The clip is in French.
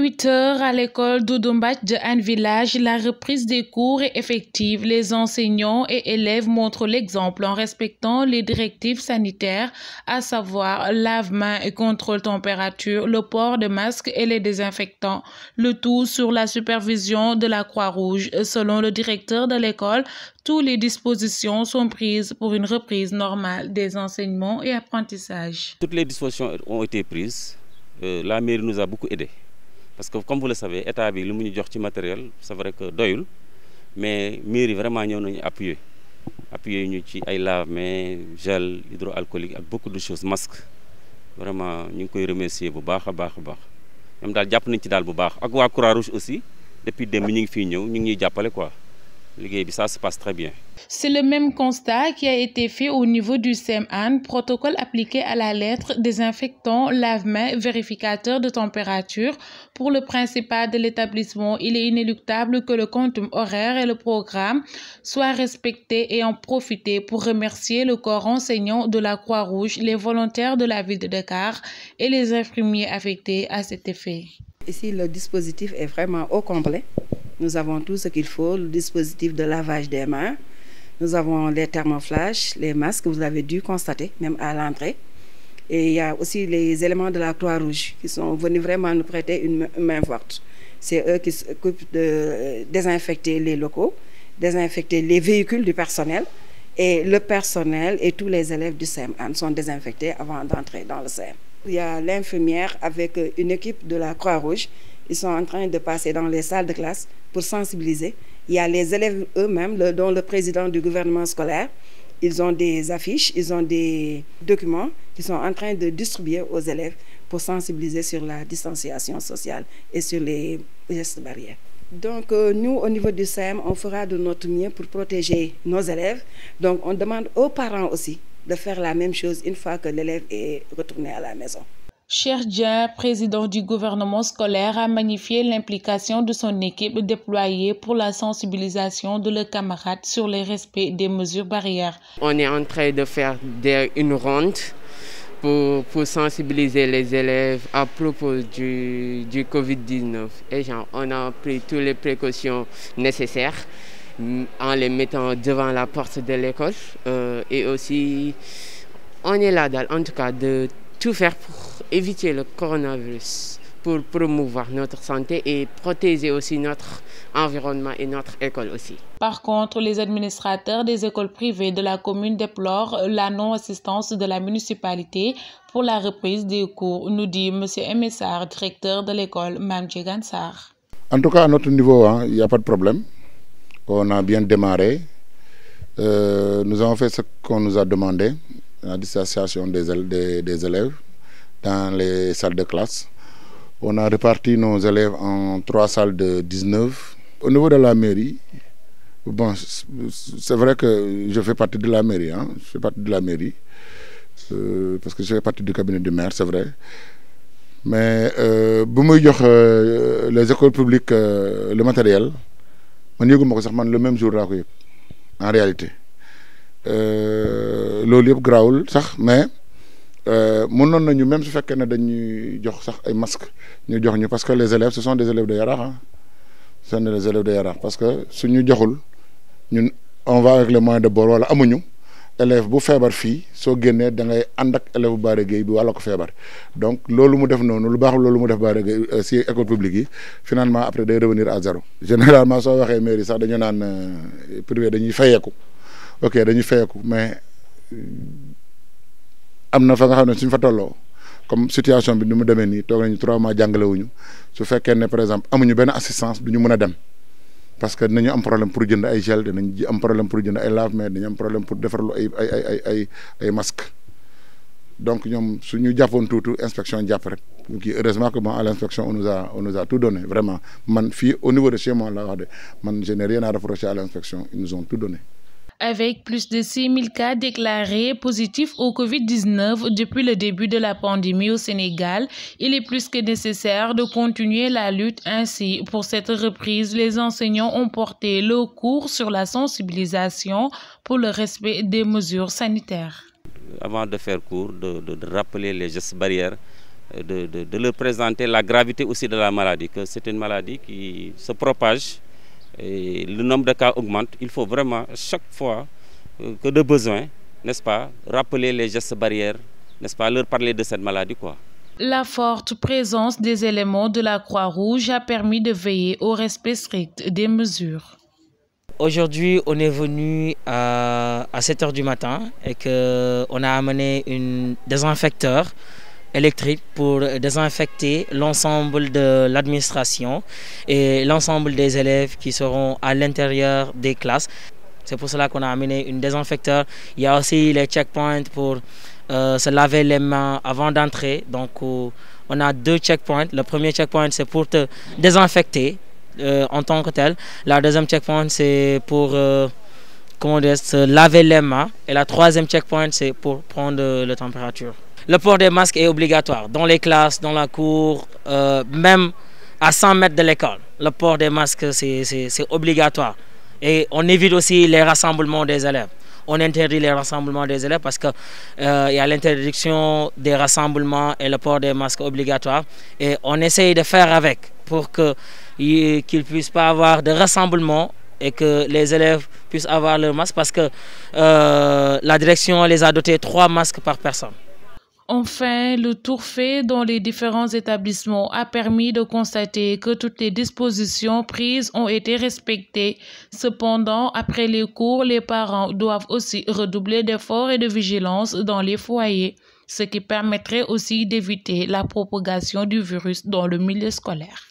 8 heures à l'école d'Odombach de Anne Village, la reprise des cours est effective. Les enseignants et élèves montrent l'exemple en respectant les directives sanitaires, à savoir lave-main et contrôle température, le port de masques et les désinfectants. Le tout sur la supervision de la Croix-Rouge. Selon le directeur de l'école, toutes les dispositions sont prises pour une reprise normale des enseignements et apprentissages. Toutes les dispositions ont été prises. Euh, la mairie nous a beaucoup aidés parce que comme vous le savez état bi li mu ñu jox ci matériel c'est vrai que doyul mais mairie vraiment ñëw nañu appuyer appuyer ñu ci ay lave mais gel hydroalcoolique ak beaucoup de choses masque vraiment ñu ngi koy remercier bu baax a baax Même baax ñoom daal jàpp nañ ci daal bu baax ak waa Croix-Rouge aussi depuis démb ñu ngi fii ñëw ñu ngi ñuy quoi ça se passe très bien. C'est le même constat qui a été fait au niveau du CEMAN, protocole appliqué à la lettre, désinfectant, lave-main, vérificateur de température. Pour le principal de l'établissement, il est inéluctable que le compte horaire et le programme soient respectés et en profiter pour remercier le corps enseignant de la Croix-Rouge, les volontaires de la ville de Dakar et les infirmiers affectés à cet effet. Ici, le dispositif est vraiment au complet. Nous avons tout ce qu'il faut, le dispositif de lavage des mains. Nous avons les thermoflages, les masques, vous avez dû constater, même à l'entrée. Et il y a aussi les éléments de la Croix-Rouge qui sont venus vraiment nous prêter une main forte. C'est eux qui s'occupent de euh, désinfecter les locaux, désinfecter les véhicules du personnel. Et le personnel et tous les élèves du CEM sont désinfectés avant d'entrer dans le CEM. Il y a l'infirmière avec euh, une équipe de la Croix-Rouge ils sont en train de passer dans les salles de classe pour sensibiliser. Il y a les élèves eux-mêmes, dont le président du gouvernement scolaire. Ils ont des affiches, ils ont des documents qu'ils sont en train de distribuer aux élèves pour sensibiliser sur la distanciation sociale et sur les gestes barrières. Donc, euh, nous, au niveau du CM, on fera de notre mieux pour protéger nos élèves. Donc, on demande aux parents aussi de faire la même chose une fois que l'élève est retourné à la maison. Cher président du gouvernement scolaire, a magnifié l'implication de son équipe déployée pour la sensibilisation de leurs camarades sur le respect des mesures barrières. On est en train de faire une ronde pour, sensibiliser les élèves à propos du, du Covid-19. Et on a pris toutes les précautions nécessaires mm, en les mettant devant la porte de l'école. Euh, et aussi, on est là, en tout cas, de tout faire pour éviter le coronavirus, pour promouvoir notre santé et protéger aussi notre environnement et notre école aussi. Par contre, les administrateurs des écoles privées de la commune déplorent la non-assistance de la municipalité pour la reprise des cours, nous dit M. Emessar, directeur de l'école Mamdje Gansar. En tout cas, à notre niveau, hein, il n'y a pas de problème. On a bien démarré. Euh, nous avons fait ce qu'on nous a demandé la distanciation des, des, élèves dans les salles de classe. On a réparti nos élèves en trois salles de 19. Au niveau de la mairie, bon, c'est vrai que je fais partie de la mairie, hein, je fais partie de la mairie, euh, parce que je fais partie du cabinet du maire, c'est vrai. Mais euh, euh les écoles publiques, euh, le matériel, je le même jour, en réalité. Euh, loolu yëpp garaawul sax mais euh, mënoon nañu même su fekkee ne dañuy jox sax ay masque ñu jox ñu parce que les élèves ce sont des élèves de yara ah hein. ce sont des élèves de yara parce que suñu joxul ñun on va avec les moyens de bord wala amuñu élève bu feebar fii soo génnee da ngay ànd ak élève bu bi wala ko feebar donc loolu mu def noonu lu baax loolu mu def Bara Gueye euh, si école publique yi finalement après day revenir à zéro généralement soo waxee mairie sax dañu naan privé dañuy fayeeku ok dañuy fayeku mais euh, am na fa nga xam ne suñ fa tolloo comme situation bi ni mu demee nii toog nañu trois mois jàngale wuñu su fekkee ne par exemple amuñu benn assistance du ñu mën a dem parce que dinañu am problème pour jënd ay gel dinañ am problème pour jënd ay lave mais dañu am problème pour defarlu ay ay ay ay ay ay masque donc ñoom suñu jàppoon tuutu inspection jàpp rek ki heureusement que bon à l' inspection on nous a on nous a tout donné vraiment man fii au niveau de chez moi la wax de man je n'ai rien à reprocher à l' inspection ils nous ont tout donné avec plus de 6 000 cas déclarés positifs au COVID-19 depuis le début de la pandémie au Sénégal, il est plus que nécessaire de continuer la lutte ainsi. Pour cette reprise, les enseignants ont porté le cours sur la sensibilisation pour le respect des mesures sanitaires. Avant de faire cours, de, rappeler les gestes barrières, de, de leur présenter la gravité aussi de la maladie, que c'est une maladie qui se propage le nombre de cas augmente, il faut vraiment chaque fois euh, que de besoin, n'est-ce pas, rappeler les gestes barrières, n'est-ce pas, leur parler de cette maladie quoi. La forte présence des éléments de la Croix-Rouge a permis de veiller au respect strict des mesures. Aujourd'hui, on est venu à, 7 h du matin et on a amené une désinfecteur électrique pour désinfecter l'ensemble de l'administration et l'ensemble des élèves qui seront à l'intérieur des classes. C'est pour cela qu'on a amené une désinfecteur. Il y a aussi les checkpoints pour euh, se laver les mains avant d'entrer. Donc euh, on a deux checkpoints. Le premier checkpoint c'est pour te désinfecter euh, en tant que tel. La deuxième checkpoint c'est pour se laver les mains. Et la troisième checkpoint c'est pour prendre la température. Le port des masques est obligatoire dans les classes, dans la cour, euh, même à 100 mètres de l'école. Le port des masques, c'est obligatoire. Et on évite aussi les rassemblements des élèves. On interdit les rassemblements des élèves parce qu'il euh, y a l'interdiction des rassemblements et le port des masques obligatoire. Et on essaye de faire avec pour qu'ils ne puissent pas avoir de rassemblement et que les élèves puissent avoir leur masque parce que euh, la direction les a dotés trois masques par personne. Enfin, le tour fait dans les différents établissements a permis de constater que toutes les dispositions prises ont été respectées. Cependant, après les cours, les parents doivent aussi redoubler d'efforts et de vigilance dans les foyers, ce qui permettrait aussi d'éviter la propagation du virus dans le milieu scolaire.